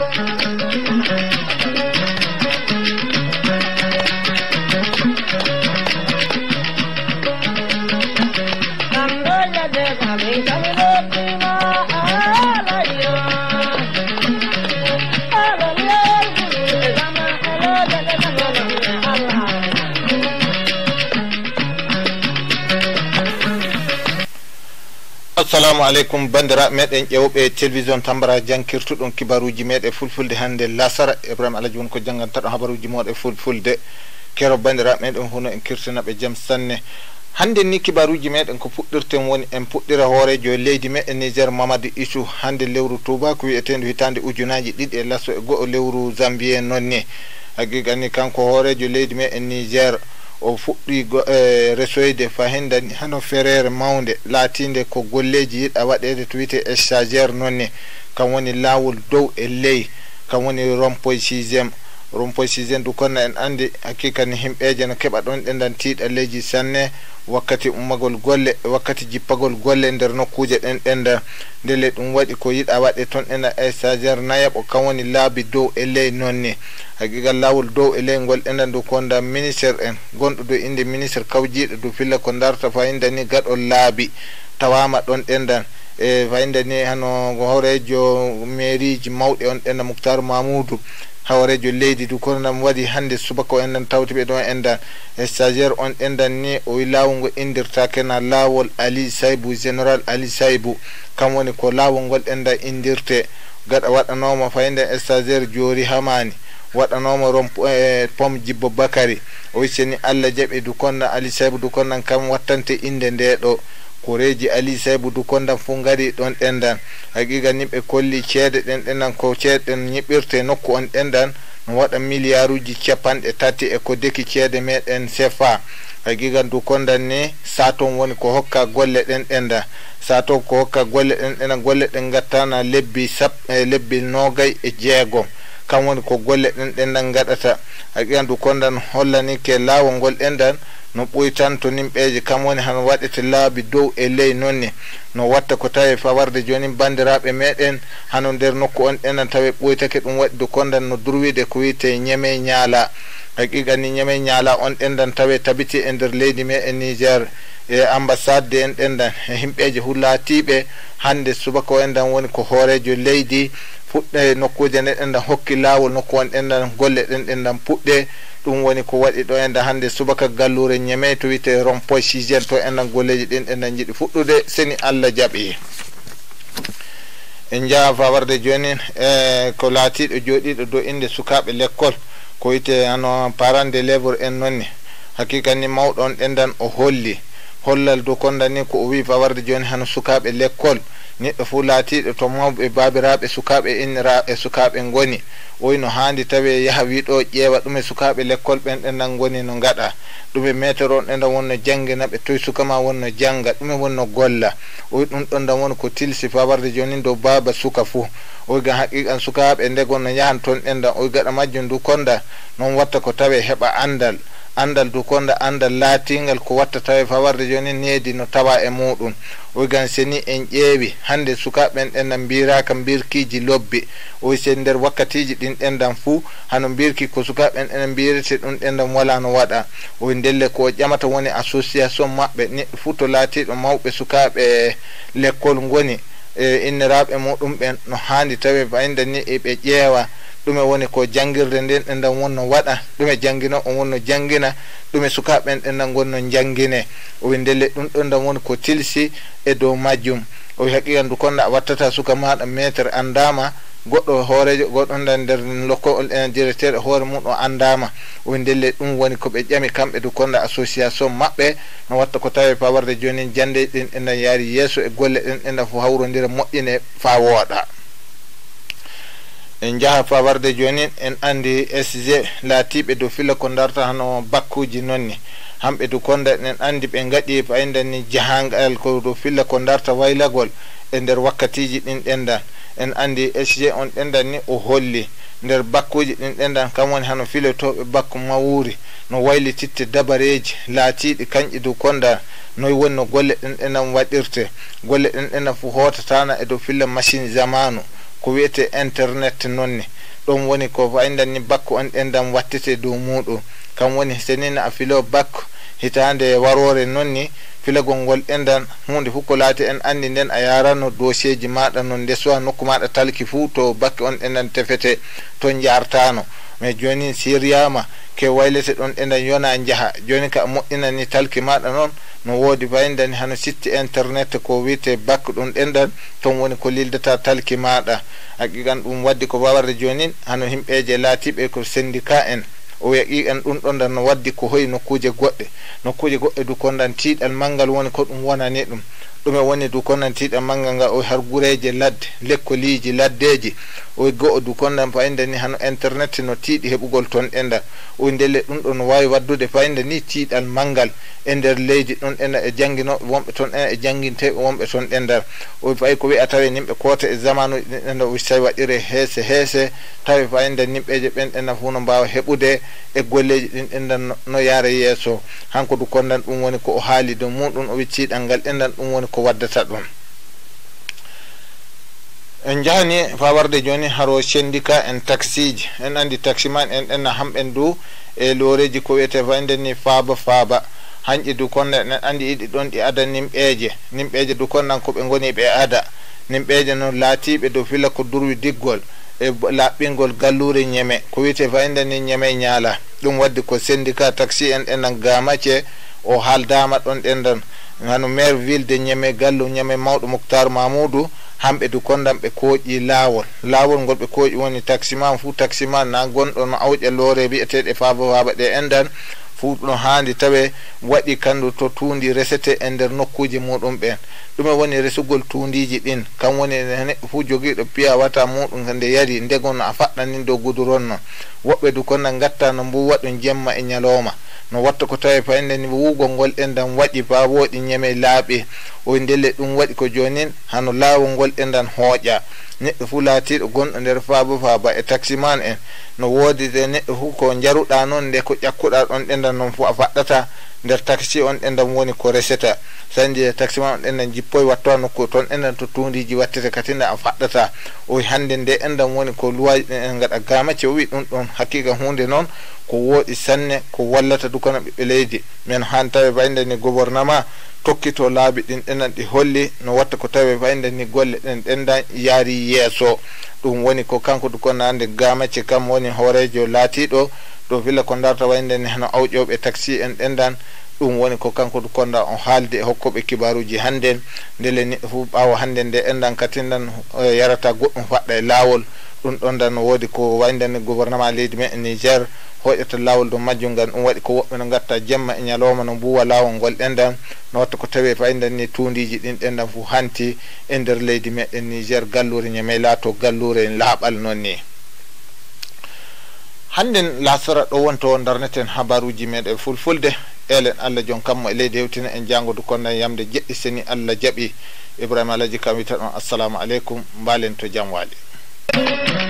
Thank you. assalamu aleykum bandiraɓe meɗen ƴewɓe télévision tambara jankirtuɗon kibaruji meɗe fulfulde hannde lasara ibrahima alaji woni ko jangganta ɗon habaruji moɗe fulfulde kero bandiraɓe meɗen hono en kirtanaɓe jaam sanne hannde ni kibaruji meɗen ko puɗɗirten woni en puɗɗira hoorejo e leydi meɗen niger mamadou issu hannde lewru touba ko wiyetendu hitande ujunaji ɗiɗi e lasso e goho lewru zambie noon ni haqiqani kanko hoorejo leydi meɗen niger o fuɗɗi e, resoyde fahendani hano ferere mawnde laatinde ko golleji yiɗa waɗede to wiyte stagiare e noon ne kam woni laawol dow e ley kam woni rompoy sixiéme rumpoy sixiéme du konna en anndi hakkika ni himɓeeje no keɓa ɗon ɗe ndan tiiɗalleeji sanne wakkati ummagol golle wakkati jippagol golle ndeer nokkuuje ɗen ɗennda ndele ɗum waɗi ko yiɗa waɗe toon ɗena e stagiare nayaɓo kan woni laabi dow e ley noon ni haqiqa laawol dow e ley ngol ɗenda ndu konda ministére en gonɗo do innde ministére kawjiiɗo du filla ko ndarta fayinda ni gaɗol laabi tawaama ɗon ɗenndan e fayinda ni hano horeejo mairie ji mawɗe on ɗenda moktar mamoudou hawarejo leydi du kono nam waɗi hannde subaka o endan tawti ɓe ɗon endan e stagiaire on endan ni o wi laawol ngo indirtakena laawol ali saybou général ali saybou kam woni ko laawol ngol enda indirte gaɗa waɗanoma fayi nden stagiaire joori hamani waɗanoma rom e, pom jibbo bakary o wiseni allah jaɓi du konnan ali saybou du konnan kam wattante inde nde ɗo ko reji ali saybou du konndan fu gari ɗon ɗendan haqiqa ni ɓe kolli ceede ɗen ɗenan ko ceede ɗen ñiɓirte nokku on ɗendan no waɗa milliard uji capanɗe tati e ko deki ceede meɗen sefa haqiqa ndu kondan ni saton woni ko hokka golle ɗen ɗenda saton ko hokka golle ɗen ɗena golle ɗen gattana lebbi sap e lebbi nogay e jeego kam woni ko golle ɗen ɗen ɗan gaɗata a ƴandu kondan hollani ke laawol ngol ɗen ɗan no ɓoyi tan to nimɓeeje kam woni han waɗete laabi dow e ley noon ni no watta ko tawi fawarde jooni banndiraaɓe meeɗen hano ndeer nokku on ɗenɗan tawi ɓoytake ɗum waɗi du kondan no durwiide ko wiyete ñeme ñaala haqiqa ni ñeme ñaala on ɗen ɗan tawi tabiti e ndeer leydi me e nigér e ambassade de en ɗen ɗan e himɓeeje hullaatiiɓe hannde subaka o en ɗan woni ko hoorejo leydi puɗɗe nokkuje nde ɗen ɗan hokki laawol nokku wan ɗen ɗan golle ɗen ɗen ɗan puɗɗe ɗum woni ko waɗi ɗo enɗa hannde subaka gallure ñemey to wiyte rond point sixiéme to enɗan golleji ɗin ɗenɗan jiɗi fuɗɗude seni allah jaɓi en jaafa warde jooni e ko laatiɗo jooɗiɗo dow innde sukaaɓe l' école ko wiyte ano parande lévour en noon ni hakiqani mawɗo on ɗenɗan o holli hollal dow konda ni ko o wi fawarde jooni hano sukaaɓe l' école neɗɗo fuu laatiiɗo to mawɓe baabiraaɓe sukaaɓe innira e sukaaɓe ngoni oyno haandi tawi yaha wii ɗo ƴeewa ɗume sukaaɓe lekkol ɓen ɗe nan ngoni no ngaɗa ɗume metere on ɗenɗan wonno janngina ɓe toye suka ma wonno jannga ɗume wonno golla oy ɗum ɗon ɗan won ko tilsi fawarde jooni dow baaba suka fuu oy gan haqiiqan sukaaɓe ndegon no yahan toon ɗenɗan oy gaɗa majjum ndu konda noon watta ko tawe heɓa anndal andal dukonda andal laatingal ko watta tawe fawarde joni needi no tawa e muɗum oygan seni en ƴeewi hannde sukaɓen ɗenɗan mbiraka mbirkiji lobbi oy sen nder wakkatiji ɗin ɗenɗan fuu hano mbirki ko sukaɓen ene mbirete ɗum ɗenɗan wala no waɗa oy ndelle ko ƴamata woni association maɓɓe neɗɗo fuu to laatiɗo mawɓe sukaɓe l'école ngoni e inniraɓe muɗum ɓen no handi tawi bayndani eɓe ƴeewa ɗume woni ko janngirde nden ɗenɗan wonno waɗa ɗume janngina on wonno janngina ɗume sukaɓen ɗenɗan gonno janngine o wi ndelle ɗum ɗon ɗan woni ko tilsi e dow majjum o wi haqiqa ndu konɗa a wattata suka maɗa métre anndama goɗɗo hoorejo goɗɗon ɗan nder lokko en eh, directeur e hoore muɗum anndama o wi ndelle ɗum woni ko ɓe ƴami kamɓe du konɗa association maɓɓe no watta ko tawi pawarde jooni jannde ɗin ɗenɗan yaari yeeso e golle ɗen ɗenɗan fo hawrondira moƴƴine faa wooɗa en jaha fawarde joni en andi sg laatiɓe dow filla ko darta hano bakkuji nonni hamɓe du konda en andi ɓe gaɗi paydani e jahangal ko dow filla ko darta waylagol e nder wakkatiji ɗin ɗendan en andi sg on ɗendan ni o holli nder bakkuji ɗin ɗendan kam woni hano filotoɓe bakku mawuri no waylititte dabareji laatiɗi kañƴi dow konda noyi woni no golle ɗen ɗendan waɗirte golle ɗen ɗendan fo hootatana e dow filla machine zamanu ko wiyete internet nonne ɗum woni ko faydanni bakko on ɗendam wattete dow muɗum kam woni senina a filo bakko hitande warore nonni filagol ngol ɗendan hunde fof ko laati en andi nden a yarano dossier ji maɗa no ndesuwa nokku maɗa talki fuu to bakke on ɗendan tefete toon jartano mais joni siryama ke waylete ɗon ɗe nden yona jaha joni ka moƴƴina ni talki maɗa noon no woodi bayndani hano sitti internet ko wiite bakke ɗum ɗenɗan toon woni ko lildata talki maɗa aqiqan ɗum waddi ko wawarde jonin hano himɓeje laatiɓe ko syndicat en o wi aqiqan ɗum ɗon ɗan no waddi ko hoyi nokkuje goɗɗe nokkuje goɗɗe du kon ɗan tiiɗal manngal woni ko ɗum wonani ɗum ɗume woni du konnantiɗe manga nga o har gureji ladde lekkoliji laddeji o goo du konnan fayde ni hano internet no tiiɗi heɓugol toon ɗenɗal o ndele ɗum ɗo no wawi waddude fayde ni tiiɗal manngal e nder leydi ɗon ɗena e, e jannginoɓe wonɓe toon ɗena e, e jangginteɓe wonɓe toon ɗendal o fay ko wiya tawi nimɓe koota e zaman uji ɗenɗeno tawi waɗire heese heese tawi fayde nimɓeje ɓen ɗena fof no mbawa heɓude e golleji ɗin ɗendan no yaara yesso hanko du konnan ɗum woni ko o haali do muɗum o wi tiiɗal ngal ɗendan ɗum woni ko waddata ɗum en jahani fawarde joni haro sendika en taxi ji en andi taxi man en ɗenna hamɓen du e loreji ko wiyete fa ndenni faaba faaba hanƴi du konna en andi iɗi ɗon ɗi ada nimɓeje nimɓeje du konnan koɓe goni ɓe ada nimɓeje noon laatiɓe dow fila ko durwi diggol e laɓɓingol gallure ñeme ko wiyete fa ndenni ñeme ñaala ɗum waddi ko sendika taxi en ɗennan gamace o haaldama ɗon ɗendan hano maire ville de ñeme gallu ñeme mawɗo moktar mamoudou hamɓe du kondam ɓe kooƴi laawol laawol ngol ɓe kooƴi woni taximan fuu taximan na gonɗon awƴa loore wiyeteɗe faba waɓa ɗe endan fuu no haandi tawe waɗi kandu to tuundi resete e nder nokkuji muɗum ɓen ɗume woni resugol tuundiji ɗin kam woni e neɗɗo fuu jogiiɗo piya wata muɗum nde yari ndegono a faɗɗanin dow guduron noon woɓɓe du kondam gatta no mbuwaɗu jemma e ñalowma no watta ko tawi fayndeni wugol ngol endan waɗi ba woɗi ñeme laaɓi o ndelle ɗum waɗi ko jonin hano laawol ngol endan hooƴa neɗɗo fuu laatiɗo gonɗo nder faabo faaba e taximan en no woodide neɗɗo fuu ko jaruɗa noon nde ko ƴakkuɗa ɗon ɗendan noon fuu a faɗɗata nder taxi on ɗenɗam woni ko reseta sanje taxi ma on ɗenɗam jippoy watta nokku toon enɗan to e tundiji wattete kati nda a faɗɗata o hannde nde enɗam woni ko luwaji ɗen en gaɗa gamace o wi ɗum ɗon hakkika hunde noon ko wooɗi sanne ko wallata dukana ɓiɓɓe leydi min han tawi bayde ni gouvernement tokkito laabi ɗin ɗenan ɗi holli no watta ko tawi fayde ni golle ɗen ɗendan yaari yeeso ɗum woni ko kanko ɗu konnande gamacce kam woni hoorejo laatiɗo ɗo villa ko darta wayde ni hano awƴoɓe taxi en ɗendan ɗum woni ko kanko ɗu konda o haalde e hokkoɓe kibaruji hannde ndele neɗɗo fof ɓawa hannde nde endan katindan e yarata goɗɗum faɗɗa e laawol ɗum ɗon dan woodi ko waydani gouvernement leydi me e niger hoƴata laawol ɗum majjum ngam ɗum waɗi ko woɓɓe no gatta jemma e ñalawma no mbuwa laawol ngol ɗendan no watta ko tawi fayndan ni tuundiji ɗin ɗen ɗan fof hanti e nder leydi meɗen niger gallure ñamey laato gallure en laaɓal noon ni hannden lasora ɗo wonto darneten habaruji meɗen fulfulde elen allah joom kammo e leydi hewtina en jangodu konnan yamde jeɗɗi seni allah jaaɓi ibrahima alaji kam wita ɗon assalamu aleykum mbalen to jam waali